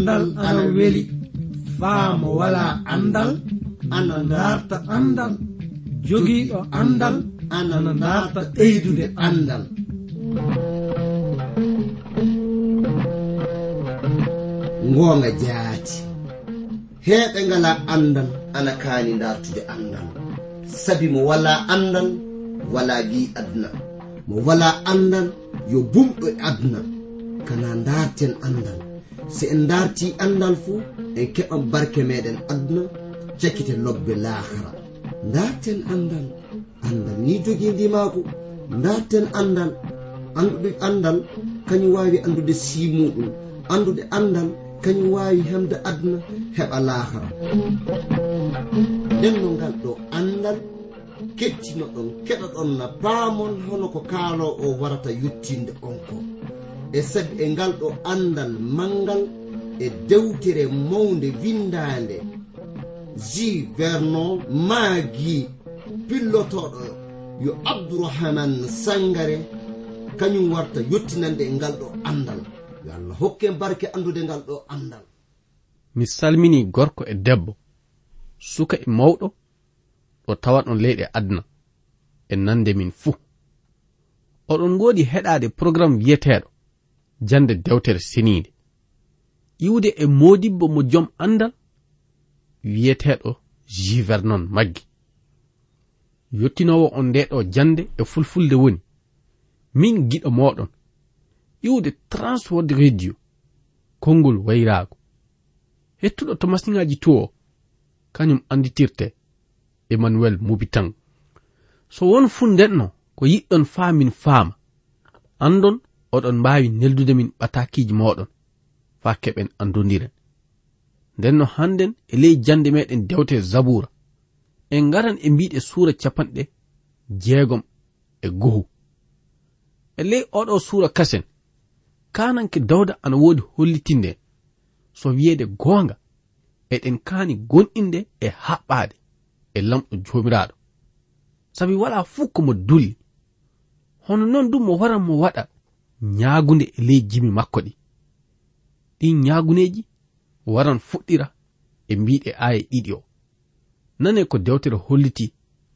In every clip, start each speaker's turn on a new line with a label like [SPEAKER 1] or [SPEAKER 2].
[SPEAKER 1] andal ana weli faamo wala andal ana darta andal jogiiɗo andal ana darta ɓeydude andal ngoonga jaati heɓe ngala andal ana kaani dartude andal sabi mo wala andal wala bi aduna mo wala andal yo bumɓe aduna kana darten andal si en darti andal fuu en keɓan barke meɗen aduna cekkite lobbe lahara darten andal andal ni jogidimaako darten andal anduɗe andal kañum wawi andude simuɗum andude andal kañum wawi hemde aduna heɓa lahara nden no ngal ɗo andal kettino ɗon keɗa ɗon na paamon hono ko kaalo o warata yettinde on ko e sab e ngal ɗo andal mangal e dewtere mawde windande ji vernon maagi pillotoɗo yo abdourahaman sangare kañum warta yottinande e ngal ɗo andal yo allah hokke barke andude ngal ɗo andal
[SPEAKER 2] mi salmini gorko e debbo suka e mawɗo ɗo tawa ɗon leyɗe adna e nande min fuu oɗon ngoodi heɗade programme wiyeteɗo jande dewtere siniide iwde e modibbo mo jom andal wiyeteɗo jivernon maggi yottinowo on ndeɗo jande e fulfulde woni min giɗo moɗon iwde transword radio konngol wayraago hettuɗo to masiŋaji tu o kañum anditirte emmanuel mubitan so won fu ndenno ko yiɗɗon faa min faama andon oɗon mbaawi neldude min ɓatakiiji mooɗon faa keɓen anndondira nden no hannden e ley jannde meɗen dewte zabura en ngaran e mbiɗe suura capanɗe jeegom e gohu e ley oɗo suura kasen kananke dawda ana woodi hollitinde so wiyeede goonga eɗen kaani gonɗinde e haɓɓaade e lamɗo joomiraaɗo sabi wala fuu ko mo dulli hono noon du mo waran mo waɗa ñaagunde e ley jimi makko ɗi ɗin ñaaguneeji waran fuɗɗira e mbiɗe aaye ɗiɗi o nane ko dewtere holliti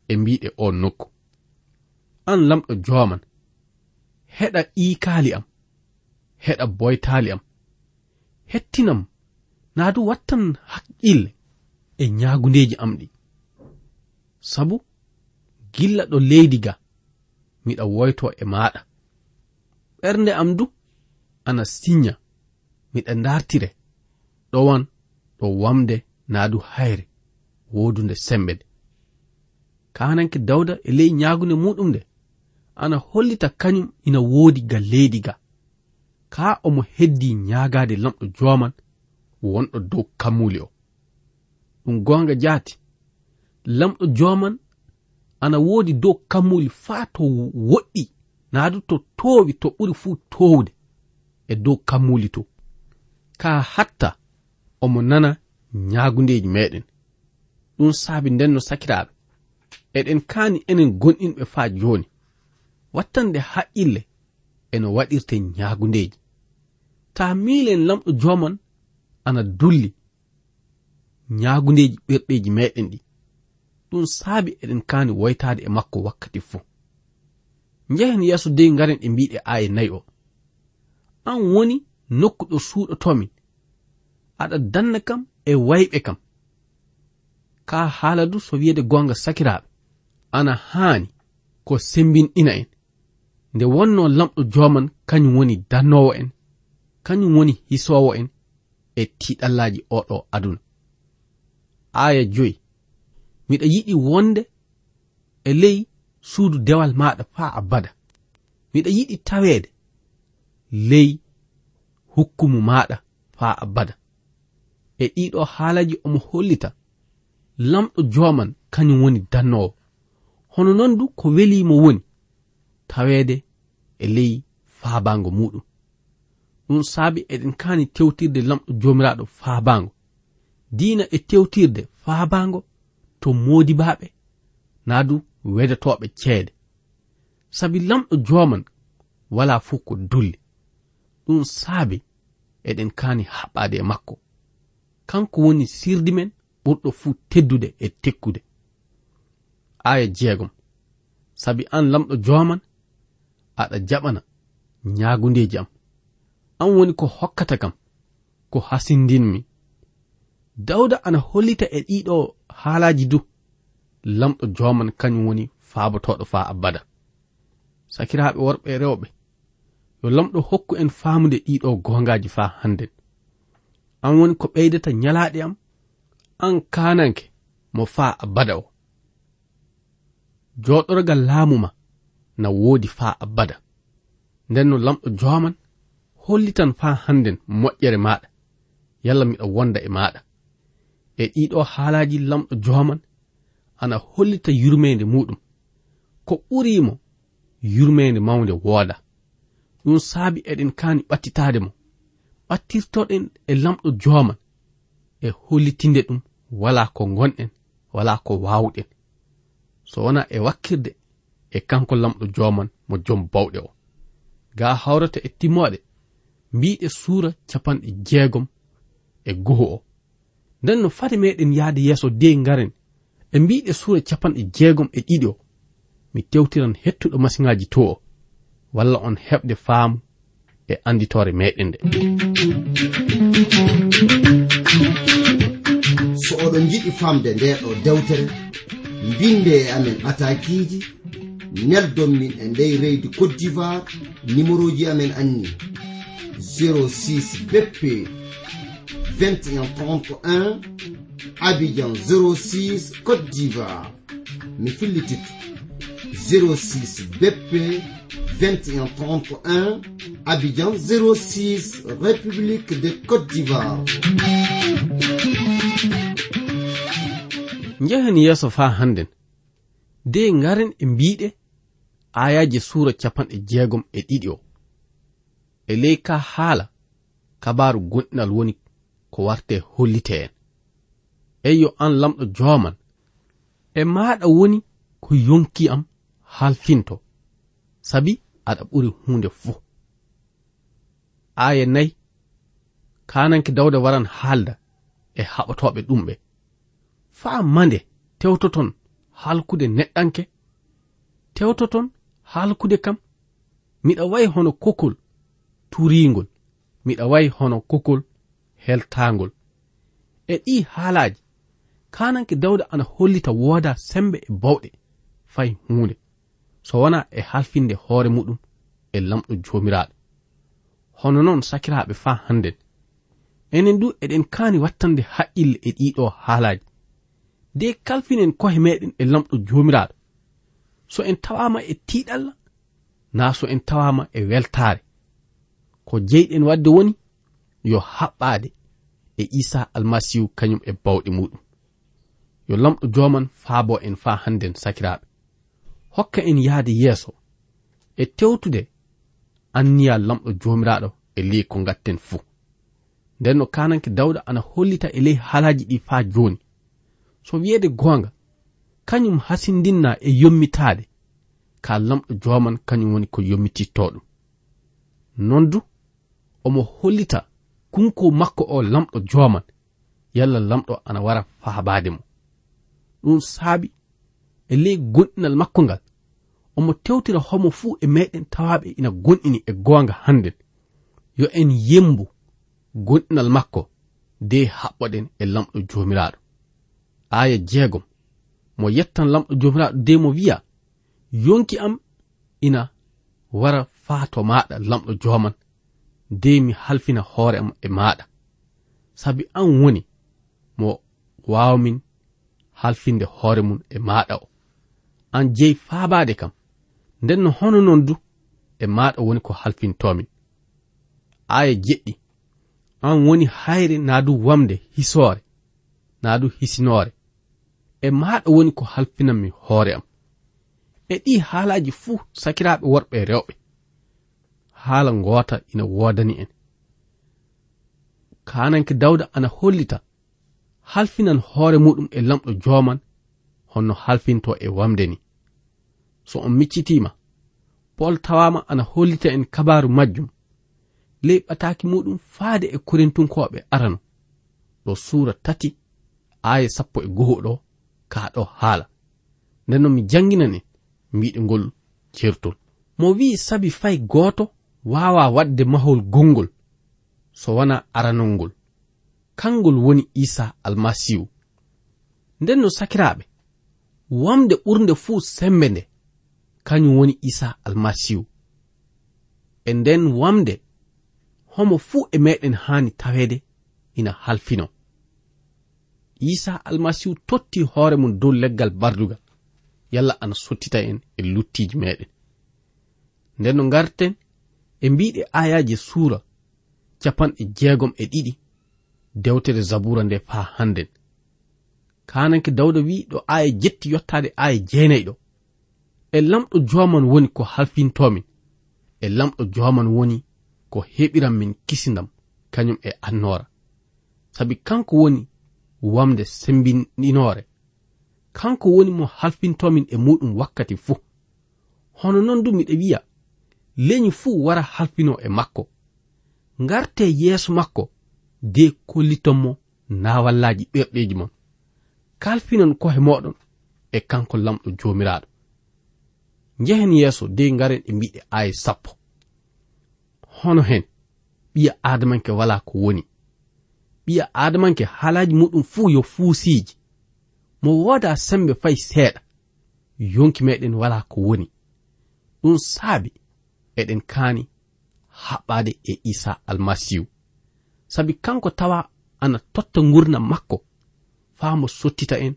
[SPEAKER 2] e mbiɗe o nokku an lamɗo jooman heɗa ɗiikaali am heɗa boytaali am hettinam naa du wattan haqqille e ñaagundeeji am ɗi sabu gilla ɗo leydi ga miɗa woyto e maɗa ɓernde am du ana sinya miɗa dartire ɗowan ɗo wamde naa du hayre wodunde sembe de kananke dawda e ley ñagunde muɗum nde ana hollita kañum ina woodi ga leydi ga ka omo heddi ñagade lamɗo joman wonɗo dow kammuli o ɗum gonga jaati lamɗo joman ana woodi dow kammuli faa to woɗɗi naadu to toowi to ɓuri fuu toowde e dow kammuli to ka hatta omo nana ñaagundeeji meɗen ɗum saabi ndenno sakiraaɓe eɗen kaani enen gonɗinɓe faa jooni wattanɗe haqqille eno waɗirte ñaagundeeji taa miilen lamɗo jooman ana dulli ñaagundeeji ɓerɗeeji meɗen ɗi ɗum saabi eɗen kaani woytaade e makko wakkati fuu njehen yeeso dey ngaren ɓe mbiɗe aaye nayi o an woni nokku ɗo suuɗotomin aɗa danna kam e wayɓe kam ka haala du so wiyeede gonga sakiraaɓe ana haani ko sembinɗina en nde wonno lamɗo jooman kañum woni dannowo en kañum woni hisowo en e tiɗallaji oɗo aduna aya joyi miɗa yiɗi wonde e ley suudu dewal maɗa faa abada miɗa yiɗi taweede ley hukkumu maɗa faa abada e ɗiɗo haalaji omo hollita lamɗo joman kañum woni dannowo hono non du ko welimo woni taweede e ley faabango muɗum ɗum saabi eɗen kaani tewtirde lamɗo jomiraɗo faabango diina e tewtirde faabango to modibaɓe na du wedotoɓe ceede sabi lamɗo joman wala fuu ko dulli ɗum saabi eɗen kaani haɓɓaade e makko kanko woni sirdi men ɓurɗo fuu teddude e tekkude aya jeegom sabi an lamɗo joman aɗa jaɓana ñaagundeeji am an woni ko hokkata kam ko hasindinmi dawda ana hollita e ɗiɗo haalaji du lamɗo joman kañum woni faabotoɗo faa abada sakiraaɓe worɓe e rewɓe yo lamɗo hokku en faamude ɗiɗo gongaji faa hannden an woni ko ɓeydata ñalaaɗe am an kananke mo faa abada o joɗorgal laamu ma na woodi faa abada nden no lamɗo joman hollitan faa hannden moƴƴere maɗa yalla miɗa wonda e maɗa e ɗiɗo haalaji lamɗo joman ana hollita yurmeende muɗum ko ɓurimo yurmeende mawnde wooda ɗum saabi eɗen kaani ɓattitaade mo ɓattirtoɗen e lamɗo jooman e hollitinde ɗum wala ko gonɗen wala ko waawɗen so wona e wakkirde e kanko lamɗo jooman mo jom bawɗe o ga hawrata e timmoɗe mbiɗe suura capanɗe jeegom e goho o nden no fade meɗen yahde yeeso dey ngaren e mbiɗe suura capanɗe jeegom e ɗiɗi o mi tewtiran hettuɗo masiŋaji to o walla on heɓde faamu e annditore meɗen nde
[SPEAKER 1] so oɗon jiɗi famde ndeɗo dewtere mbinde e amen atakiji neldon min e ndey reydi cote d'ivoire numéro ji amen anni 06 bp 21 31 abidjan 06 côte d'ivoir mi fillititu 06 bp 2131 abidjan 06 république de côte d'ivoir
[SPEAKER 2] jehen yeeso fa hannden de ngaren e mbiɗe ayaji suura capanɗe jeegom e ɗiɗi o e ley ka haala kabaru gonɗinal woni ko warte hollite en ey yo an lamɗo joman e maɗa woni ko yonki am halfinto sabi aɗa ɓuri hunde fuu aya nayi kananke dawda waran haalda e haɓatoɓe ɗumɓe faa mande tewtoton halkude neɗɗanke tewtoton halkude kam miɗa wayi hono kokol turingol miɗa wayi hono kokol heltangol e ɗi haalaji kananke dawda ana hollita wooda sembe e bawɗe fay hunde so wona e halfinde hoore muɗum e lamɗo jomiraɗo hono noon sakiraɓe fa hannden enen du eɗen kaani wattande haqqille e ɗiɗo haalaji de kalfinen kohe meɗen e lamɗo jomiraɗo so en tawama e tiɗalla na so en tawama e weltare ko jeyɗen wadde woni yo haɓɓade e isa almasihu kañum e bawɗe muɗum yo lamɗo joman faabo en faa hannden sakiraaɓe hokka en yahde yeeso e tewtude anniya lamɗo joomiraaɗo e ley ko ngatten fuu nden no kananke dawɗa ana hollita e ley halaaji ɗi faa jooni so wi'eede goonga kañum hasindinna e yommitaade ka lamɗo jooman kañum woni ko yommitittoɗum non du omo hollita kunko makko o lamɗo jooman yalla lamɗo ana wara faabaade mo ɗum saaɓi e ley gonɗinal makko ngal omo tewtira homo fuu e meɗen tawaɓe ina gonɗini e goonga hannde yo en yembu gonɗinal makko de haɓɓoɗen e lamɗo joomiraaɗo aya jeegom mo yettan lamɗo joomiraaɗo de mo wiya yonki am ina wara faato maɗa lamɗo jooman de mi halfina hoore am e maɗa sabi an woni mo waawmin halfinde hoore mum e maaɗa o an jeyi faabaade kam nden no hono noon du e maaɗa woni ko halfintoomin aaya jeɗɗi an woni hayre naa du wamde hisoore naa du hisinoore e maaɗa woni ko halfinanmi hoore am e ɗi haalaaji fuu sakiraaɓe worɓe e rewɓe haala ngoota ina woodani en kaananke dawda ana hollita halfinan hoore muɗum e lamɗo joman honno halfinto e wamde ni so on miccitima pol tawama ana hollita en kabaru majjum ley ɓataki muɗum faade e korintunkoɓe arano ɗo suura tati aya sappo e goho ɗo ka ɗo haala nden non mi janginan en mbiɗengol certol mo wi'i sabi fay gooto wawa waɗde mahol gongol so wona aranol ngol kangol woni isa almasihu nden no sakiraɓe wamde ɓurde fuu sembe nde kañum woni isa almasihu e nden wamde homo fuu e meɗen hani tawede ina halfino isa almasihu totti hoore mum dow leggal bardugal yalla ana sottita en e luttiji meɗen nden no garten e mbiɗe ayaji suura capanɗe jeegom e ɗiɗi dewtere zabura nde faa hannden kananke dawda wi ɗo aya jetti yottaade aya jeenayɗo e lamɗo joman woni ko halfintomin e lamɗo joman woni ko heɓiran min kisindam kañum e annora sabi kanko woni wamde sembininore kanko woni mo halfintomin e muɗum wakkati fuu hono noon du miɗa wiya leñu fuu wara halfino e makko ngarte yeeso makko de kollitonmo nawallaji ɓerɗeji mon kalfinan kohe moɗon e kanko lamɗo jomiraɗo jehen yeeso de garen e mbiɗe aya sappo hono hen ɓiya adamanke wala ko woni ɓiya adamanke halaji muɗum fuu yo fuusiji mo wooda sembe fay seeɗa yonki meɗen wala ko woni ɗum saabi eɗen kaani haɓɓade e isa almasihu sabi kanko tawa ana totta gurna makko faa mo sottita en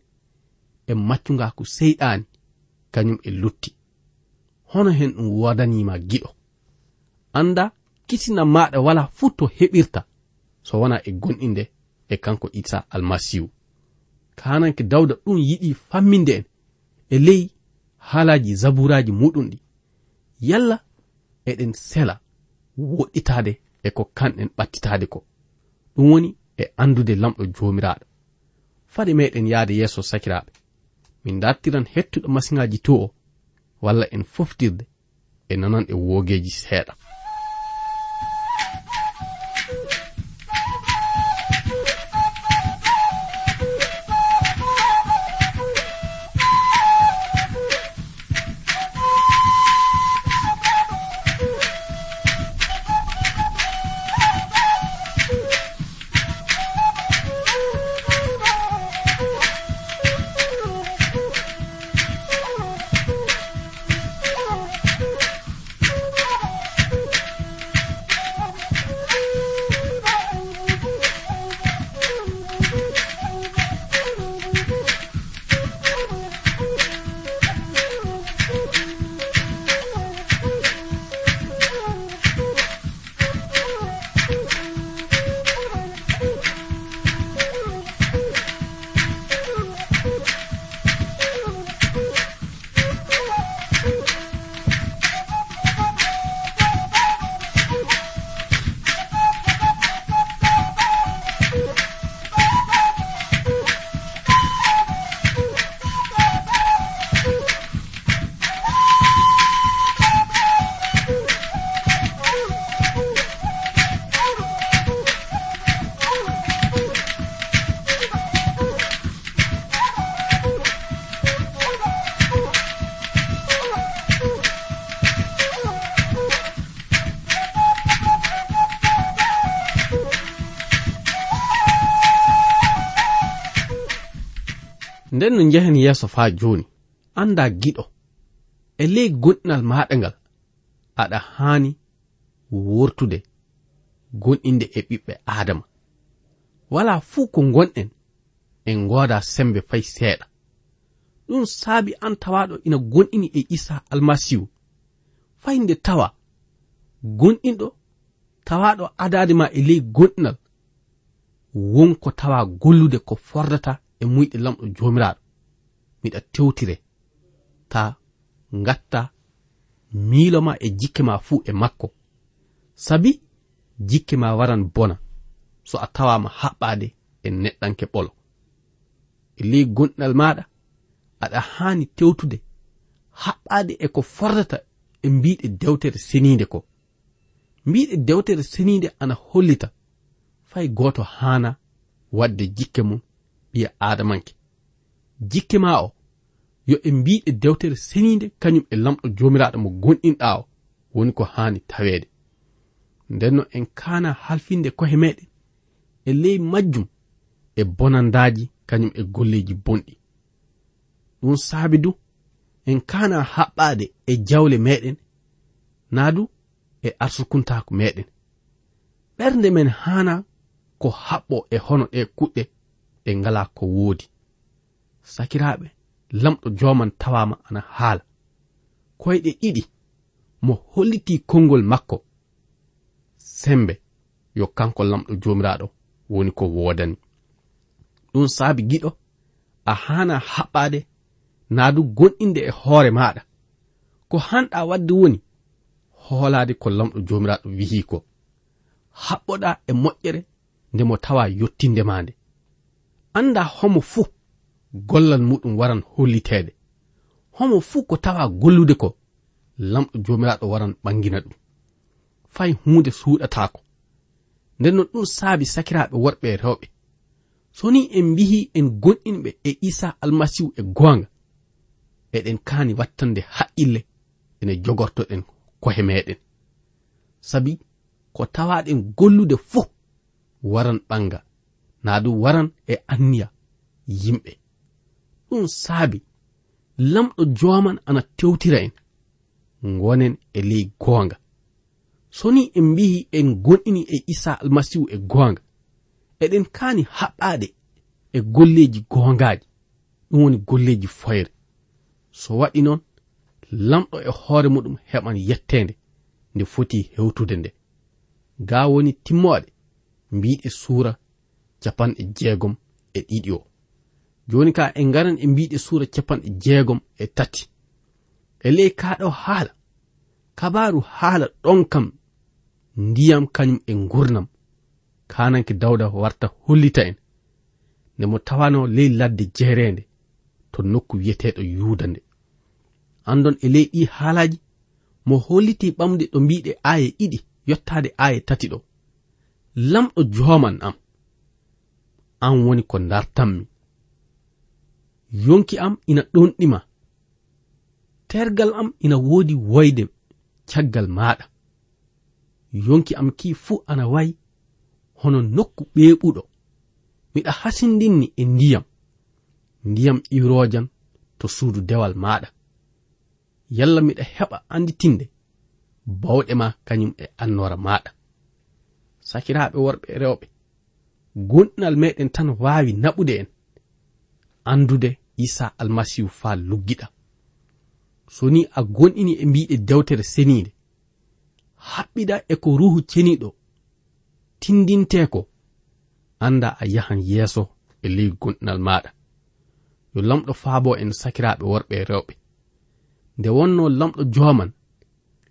[SPEAKER 2] e maccungaku seyɗani kañum e lutti hono hen ɗum wodanima giɗo anda kisina maɗa wala fuu to heɓirta so wona e gonɗinde e kanko issa almasihu kananke dawda ɗum yiɗi famminde en e ley haalaji zaburaji muɗum ɗi yalla eɗen sela woɗɗitade e ko kanɗen ɓattitade ko ɗum woni e andude lamɗo joomiraɗo faɗi meɗen yahde yeeso sakiraɓe min dattiran hettuɗo masiŋaji to o walla en foftirde e nananɗe woogeji seeɗa nden no njehen yeeso faa jooni annda giɗo e ley gonɗinal maaɗa ngal aɗa haani wortude gonɗinde e ɓiɓɓe aadama wala fuu ko gonɗen en gooda sembe fay seeɗa ɗum saabi an tawaɗo ina gonɗini e isa almasihu fay nde tawa gonɗinɗo tawaɗo adaade ma e ley gonɗinal wonko tawa gollude ko fordata e muyɗe lamɗo jomiraɗo miɗa tewtire ta gatta miilo ma e jikke ma fuu e makko sabi jikke ma waran bona so a tawama haɓɓade e neɗɗanke ɓolo e ley gonɗal maɗa aɗa hani tewtude haɓɓade e ko fordata e mbiɗe dewtere seniide ko mbiɗe dewtere seniide ana hollita fay goto hana wadde jikke mum ɓiya adamanke jikke ma o yo e mbiɗe dewtere seniinde kañum e lamɗo jomiraɗo mo gonɗinɗa o woni ko haani taweede ndenno en kaana halfinde kohe meɗen e ley majjum e bonandaji kañum e golleji bonɗi ɗum saabi du en kaana haɓɓade e jawle meɗen naa du e arsukuntaako meɗen ɓernde men haana ko haɓɓo e hono ɗe kuɗɗe ɓe ngala ko woodi sakiraaɓe lamɗo joman tawama ana haala koyɗe ɗiɗi mo holliti konngol makko sembe yo kanko lamɗo jomiraɗo woni ko woodani ɗum saabi giɗo a hana haɓɓade naa du gonɗinde e hoore maɗa ko hanɗa wadde woni hoolade ko lamɗo jomiraɗo wihi ko haɓɓoɗa e moƴƴere nde mo tawa yottinde ma nde anda homo fuu gollal muɗum waran holliteede homo fuu ko tawa gollude ko lamɗo jomiraɗo waran ɓangina ɗum fay hunde suuɗatako nden non ɗum saabi sakiraɓe worɓe e rewɓe so ni en bihi en gonɗinɓe e isa almasihu e goonga eɗen kaani wattande haqqille ene jogortoɗen kohe meɗen sabi ko tawaɗen gollude fuu waran ɓanga na ɗum waran e anniya yimɓe ɗum saabi lamɗo joman ana tewtira en gonen e ley goonga so ni en mbihi en gonɗini e isa almasihu e goonga eɗen kaani haɓɓaɗe e golleji goongaji ɗum woni golleji foyre so waɗi noon lamɗo e hoore muɗum heɓan yettende nde foti hewtude nde ga woni timmoɗe mbiɗe suura capanɗe jeegom e ɗiɗi o joni ka en garan e mbiɗe suura capanɗe jeegom e tati e ley kaɗo haala kabaru haala ɗon kam ndiyam kañum e gurnam kananke dawda warta hollita en nde mo tawano ley ladde jeerende to nokku wiyeteɗo yuuda nde andon e ley ɗi haalaji mo holliti ɓamde ɗo mbiɗe aaye ɗiɗi yottade aaye tati ɗo lamɗo joman am an woni ko dartanmi yonki am ina ɗonɗima tergal am ina woodi woyde caggal maɗa yonki am ki fuu ana wayi hono nokku ɓeɓuɗo miɗa hasindinni e ndiyam ndiyam irojan to suudu dewal maɗa yalla miɗa heɓa anditinde bawɗe ma kañum e annora maɗa sakiraɓe worɓe rewɓe gonɗinal meɗen tan wawi naɓude en andude isa almasihu fa luggiɗa so ni a gonɗini e mbiɗe dewtere seniide haɓɓida e ko ruhu ceniɗo tindinteko anda a yahan yeeso e ley gonɗinal maɗa yo lamɗo faabo en sakiraɓe worɓe e rewɓe nde wonno lamɗo joman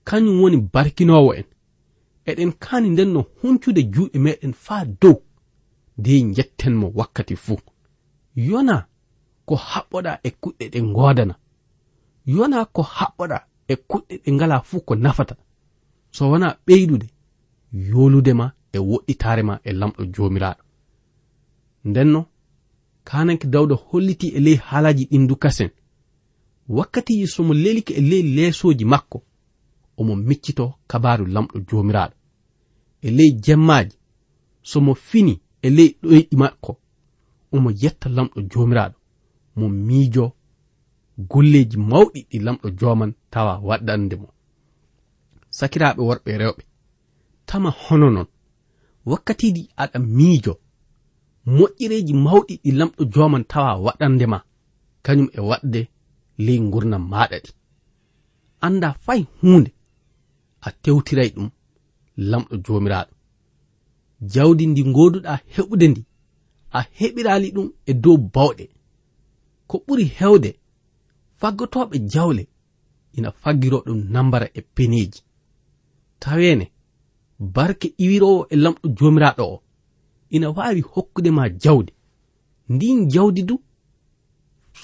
[SPEAKER 2] kañum woni barkinowo en eɗen kani nden no huncude juuɗe meɗen faa dow nde jetten mo wakkati fuu yona ko haɓɓoɗa e kuɗɗe ɗe godana yona ko haɓɓoɗa e kuɗɗe ɗe ngala fuu ko nafata so wona ɓeydude yolude ma e woɗɗitare ma e lamɗo jomiraɗo ndenno kananke dawda holliti e ley haalaji ɗindu kasen wakkatiji somo leliki e ley lesoji makko omo miccito kabaru lamɗo jomiraɗo e ley jemmaji somo fini e ley ɗoyɗi makko omo yetta lamɗo jomiraɗo mo miijo golleji mawɗi ɗi lamɗo joman tawa waɗɗande mo sakiraɓe worɓe rewɓe tama hono non wakkatiji aɗa miijo moƴƴireji mawɗi ɗi lamɗo joman tawa waɗande ma kañum e waɗde ley gurnam maɗa ɗi anda fay hunde a tewtiray ɗum lamɗo jomiraɗo jawdi ndi ngoduɗa heɓude ndi a heɓirali ɗum e dow bawɗe ko ɓuri hewde faggotoɓe jawle ina faggiro ɗum nambara e peneji tawene barke iwirowo e lamɗo jomiraɗo o ina wawi hokkude ma jawdi ndin jawdi du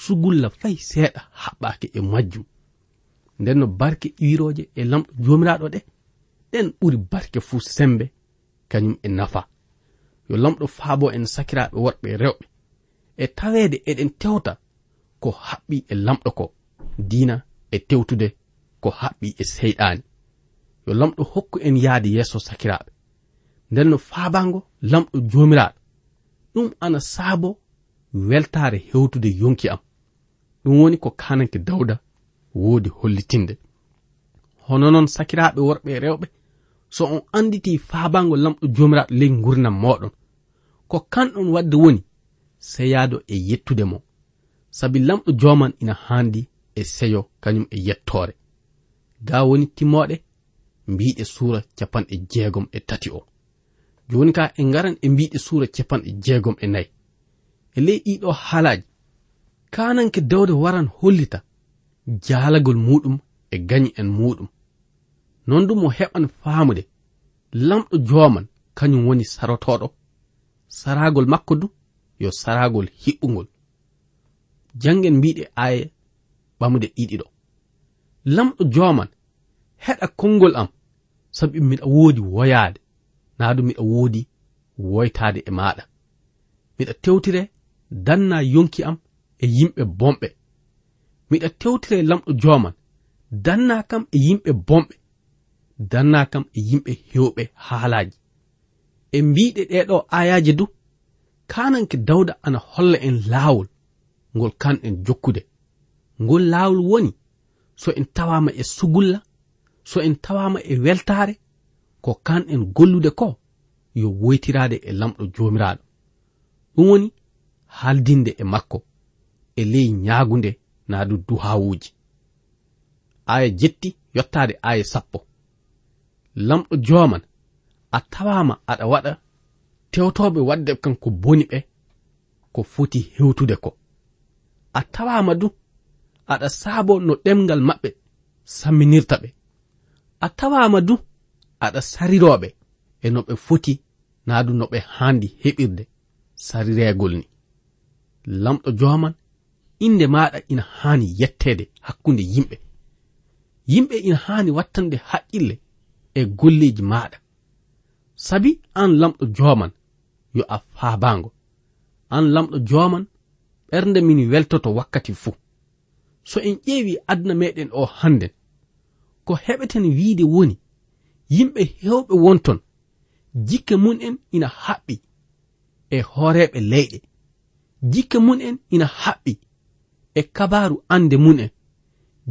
[SPEAKER 2] sugulla fay seeɗa haɓɓake e majjum nden no barke iwiroje e lamɗo jomiraɗo ɗe ɗen ɓuri barke fuu sembe kañum e nafa yo lamɗo faabo en sakiraaɓe worɓe rewɓe e taweede eɗen tewta ko haɓɓi e lamɗo ko diina e tewtude ko haɓɓi e seyɗaani yo lamɗo hokku en yahde yeeso sakiraaɓe nden no faabango lamɗo joomiraaɗo ɗum ana saabo weltaare hewtude yonki am ɗum woni ko kananke dawda woodi hollitinde hono noon sakiraaɓe worɓe e rewɓe so on anditi faabango lamɗo jomiraɗo ley gurnam moɗon ko kanɗon wadde woni seyaado e yettude mo sabi lamɗo joman ina handi e seyo kañum e yettore ga woni timmoɗe mbiɗe suura capanɗe jeegom e tati o joni ka e ngaran e mbiɗe suura capanɗe jeegom e nayi e ley ɗiɗo haalaji kananke dawde waran hollita jaalagol muɗum e gañi en muɗum non ɗum o heɓan faamude lamɗo jooman kañum woni sarotoɗo saragol makko du yo saragol hiɓɓugol jangen mbiɗe aya ɓamude ɗiɗiɗo lamɗo jooman heɗa konngol am sabi miɗa woodi woyaade naa ɗum miɗa woodi woytaade e maɗa miɗa tewtire danna yonki am e yimɓe bomɓe miɗa tewtire lamɗo jooman danna kam e yimɓe bomɓe danna kam e yimɓe hewɓe haalaji e mbiɗe ɗeɗo ayaji du kananke dawda ana holla en laawol ngol kanɗen jokkude ngol laawol woni so en tawama e sugulla so en tawama e weltare ko kanɗen gollude ko yo woytirade e lamɗo jomiraɗo ɗum woni haaldinde e makko e ley ñagunde naa du duhawuji aya jetti yottade aya sappo lamɗo joman a tawama aɗa waɗa tewtoɓe wadde kan ko boni ɓe ko foti hewtude ko a tawama du aɗa saabo no ɗemgal maɓɓe samminirta ɓe a tawama du aɗa sariroɓe e no ɓe foti naadu no ɓe handi heɓirde sarireegol ni lamɗo joman inde maɗa ina hani yettede hakkunde yimɓe yimɓe ina hani wattande haqqille e golleji maɗa sabi an lamɗo joman yo a faabango an lamɗo joman ɓernde min weltoto wakkati fuu so en ƴeewi aduna meɗen o hannden ko heɓeten wiide woni yimɓe hewɓe wonton jikke mun en ina haɓɓi e hooreɓe leyɗe jikke mun en ina haɓɓi e kabaru ande mun en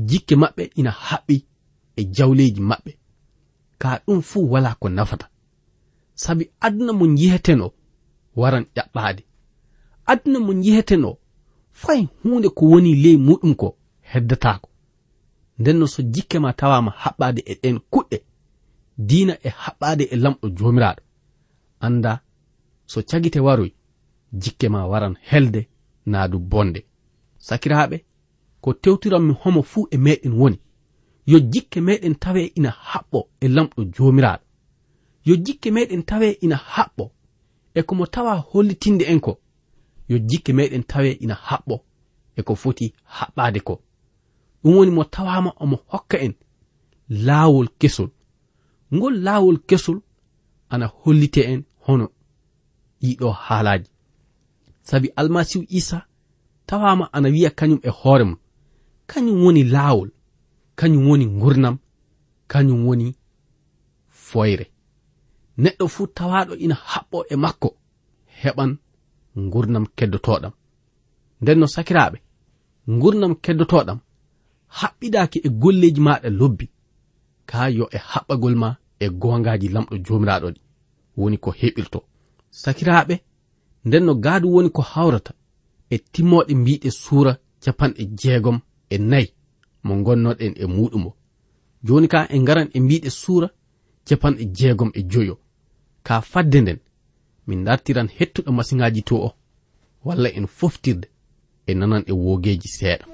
[SPEAKER 2] jikke maɓɓe ina haɓɓi e jawleeji maɓɓe ka ɗum fuu wala ko nafata sabi aduna mo jiheten o waran ƴaɓɓaade aduna mo jiheten o fay hunde ko woni ley muɗum ko heddatako ndenno so jikke ma tawama haɓɓade e ɗen kuɗɗe diina e haɓɓade e lamɗo jomiraɗo anda so cagite waroy jikke ma waran helde naadu bonde sakiraɓe ko tewtiranmi homo fuu e meɗen woni yo jikke meɗen tawe ina haɓɓo e lamɗo jomiraɗo yo jikke meɗen tawe ina haɓɓo e komo tawa hollitinde en ko yo jikke meɗen tawe ina haɓɓo e ko foti haɓɓade ko ɗum woni mo tawama omo hokka en laawol kesol ngol laawol kesol ana hollite en hono yiɗo haalaji sabi almasihu isa tawama ana wiya kañum e hoore mum kañum woni laawol kañum woni gurnam kañum woni foyre neɗɗo fuu tawaɗo ina haɓɓo e makko heɓan gurnam keddotoɗam nden no sakiraɓe gurnam keddotoɗam haɓɓidaki e golleji maɗa lobbi ka yo e haɓɓagol ma e gongaji lamɗo jomiraɗo ɗi woni ko heɓirto sakiraɓe nden no gaadu woni ko hawrata e timmoɗe mbiɗe suura capanɗe jeegom e nayi mo gonnoɗen e muɗumo joni ka en garan e mbiɗe suura capanɗe jeegom e joyo ka fadde nden min dartiran hettuɗo masiŋaji to o walla en foftirde e nanan e wogeji seeɗa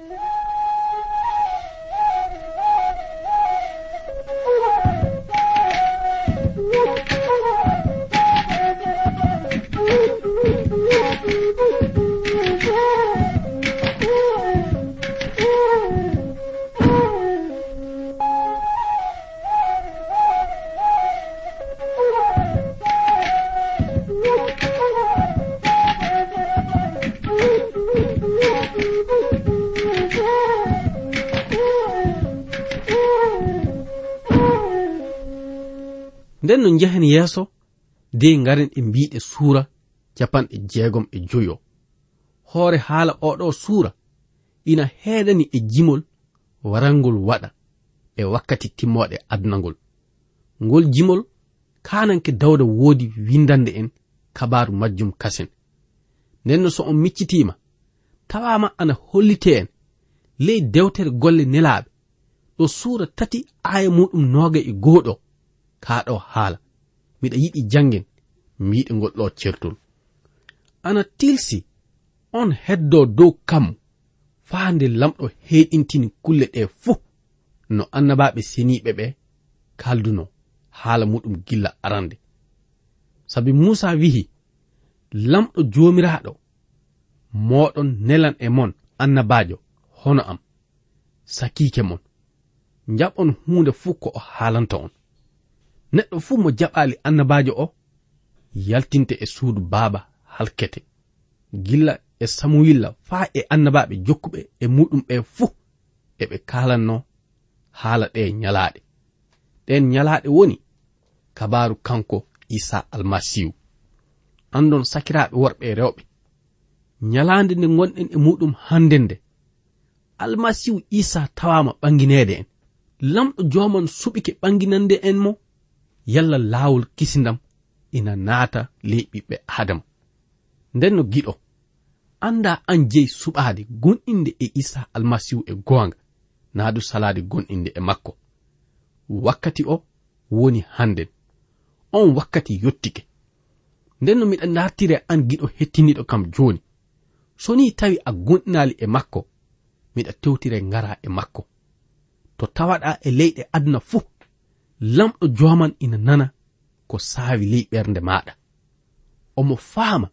[SPEAKER 2] nden no njehen yeeso de ngaren e mbiɗe suura capanɗe jeegom e joyo hoore haala oɗo suura ina heɗani e jimol warangol waɗa e wakkati timmoɗe adnagol ngol jimol kananke dawda woodi windande en kabaru majjum kasen nden no so on miccitima tawama ana hollite en ley dewtere golle nelaɓe ɗo suura tati aya muɗum noga e goɗoo kaɗo haala miɗa yiɗi jangen mi yiɗi goɗɗo certol ana tilsi on heddo dow kam faa nde lamɗo heɗintini kulle ɗe fuu no annabaɓe seniɓe ɓe kalduno haala muɗum gilla arande sabi musa wihi lamɗo jomiraɗo moɗon nelan e mon annabajo hono am sakike mon jaɓon hunde fuu ko o haalanta on neɗɗo fuu mo jaɓaali annabaajo o yaltinte e suudu baaba halkete gilla e samuwilla faa e annabaaɓe jokkuɓe e muɗum ɓe fuu e ɓe kaalanno haala ɗe ñalaaɗe ɗen ñalaaɗe woni kabaaru kanko isa almasihu anndon sakiraaɓe worɓe e rewɓe ñalaande nde gonɗen e muɗum hannde nde almasihu isa tawaama ɓanngineede en lamɗo jooman suɓike ɓanginande en mo yalla laawol kisindam ina naata ley ɓiɓɓe adama nden no giɗo anda an jeyi suɓaade gonɗinde e isa almasihu e goonga naadu salaade gonɗinde e makko wakkati o woni hannden on wakkati yottike nden no miɗa nartire an giɗo hettiniɗo kam jooni so ni tawi a gonɗinaali e makko miɗa tewtire ngara e makko to tawaɗa e leyɗe aduna fuu lamɗo joman ina nana ko saawi ley ɓernde maɗa omo faama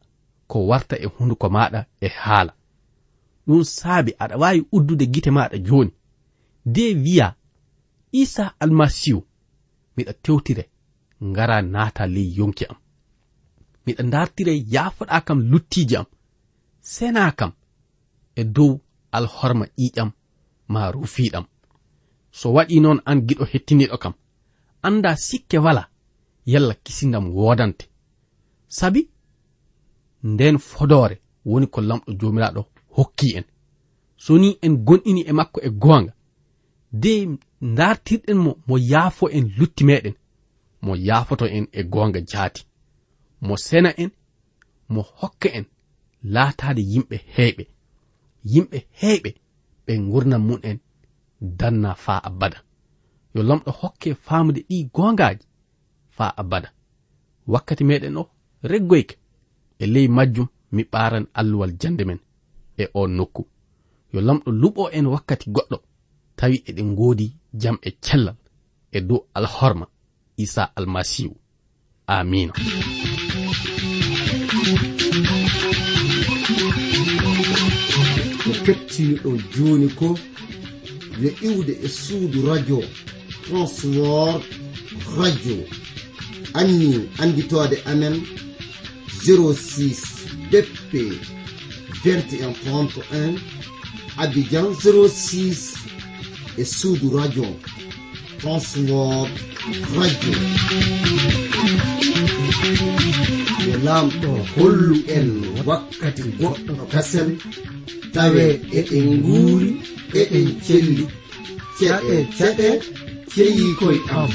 [SPEAKER 2] ko warta e hunduko maɗa e haala ɗum saabi aɗa waawi uddude gite maɗa jooni de wiya isa almasihu miɗa tewtire ngara naata ley yonki am miɗa dartire yaafoɗa kam luttiiji am sena kam e dow alhorma ƴiƴam ma rufiiɗam so waɗi noon an giɗo hettiniɗo kam anda sikke wala yalla kisindam wodante sabi nden fodore woni ko lamɗo jomiraɗo hokki en so ni en gonɗini e makko e goonga de dartirɗen mo mo yaafo en lutti meɗen mo yaafoto en e goonga jaati mo sena en mo hokka en laataade yimɓe heeɓe yimɓe heeɓe ɓe gurnan mum en danna faa abada yo lamɗo hokke famude ɗi gongaji faa abada wakkati meɗen o reggoyke e ley majjum mi ɓaran alluwal jande men e o nokku yo lamɗo luɓo en wakkati goɗɗo tawi eɗen godi jam e cellal e dow alhorma isa almasihu amina
[SPEAKER 1] kettiniɗo joni ko yo iwde e suudu radio transwor radio anni anditode amen 06 bp 2131 abidjan 06 e suudu radio transwor radio e lamɗo hollu en wakkati goɗɗo kasen tawe eɗen guuri eɗen celli ceɗe ceɗe 天已归堂。